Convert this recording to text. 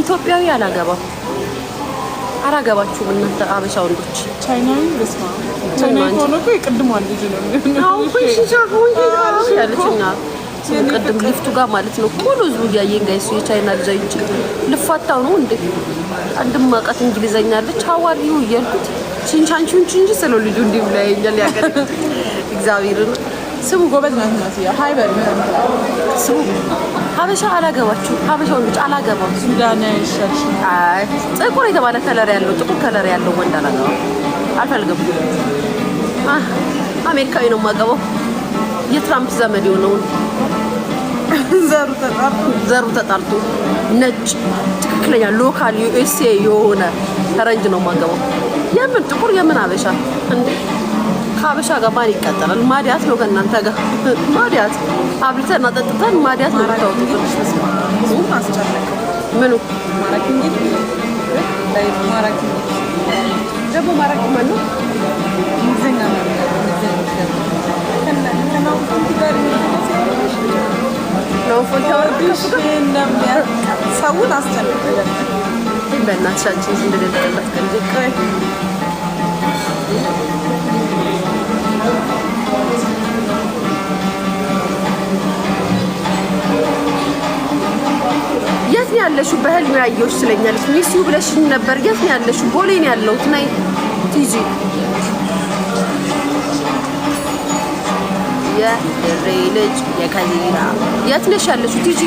ኢትዮጵያዊ አላገባም አላገባችሁም እናንተ አበሻ ወንዶች። ቻይናዊ ልጅ ቅድም ሊፍቱ ጋር ማለት ነው ህዝቡ እያየን የቻይና ልጅ ልፋታው ነው እንዴ? አንድም አውቃት እንግሊዘኛ አለች ሀዋሪው እያልኩት ሽንቻንቹንች እንጂ ስለ ልጁ እንዲህ ብላ ያኛል ያገር እግዚአብሔርን ስሙ ጎበዝ ናት ናት ሀይበር ስሙ ሀበሻ አላገባችሁ። ሀበሻ ወንዶች አላገባ ሱዳን ሸርሽ ጥቁር የተባለ ከለር ያለው ጥቁር ከለር ያለው ወንድ አላገባ አልፈልግም። አሜሪካዊ ነው የማገባው። የትራምፕ ዘመድ የሆነውን ዘሩ ተጣርቶ ነጭ ትክክለኛ ሎካል ዩኤስኤ የሆነ ፈረንጅ ነው የማገባው። የምን ጥቁር የምን ሀበሻ እንዴ? ሀበሻ ጋር ማን ይቀጠላል? ማዲያት ነው ከእናንተ ጋር ማዲያት። አብልተን አጠጥተን ማዲያት ነው ታውቁት። ምኑ ሰውን አስጨነቀ። በእናትሽ አንቺ እንደሌለቀላት ያለሽው? በህልም ያየሁሽ ስለኛለች። ሚስዩ ብለሽኝ ነበር። የት ነው ያለሽው? ቦሌ ነው ያለሁት። ነይ ቲጂ የሬ ልጅ የከሌላ የት ነሽ ያለሽው? ቲጂ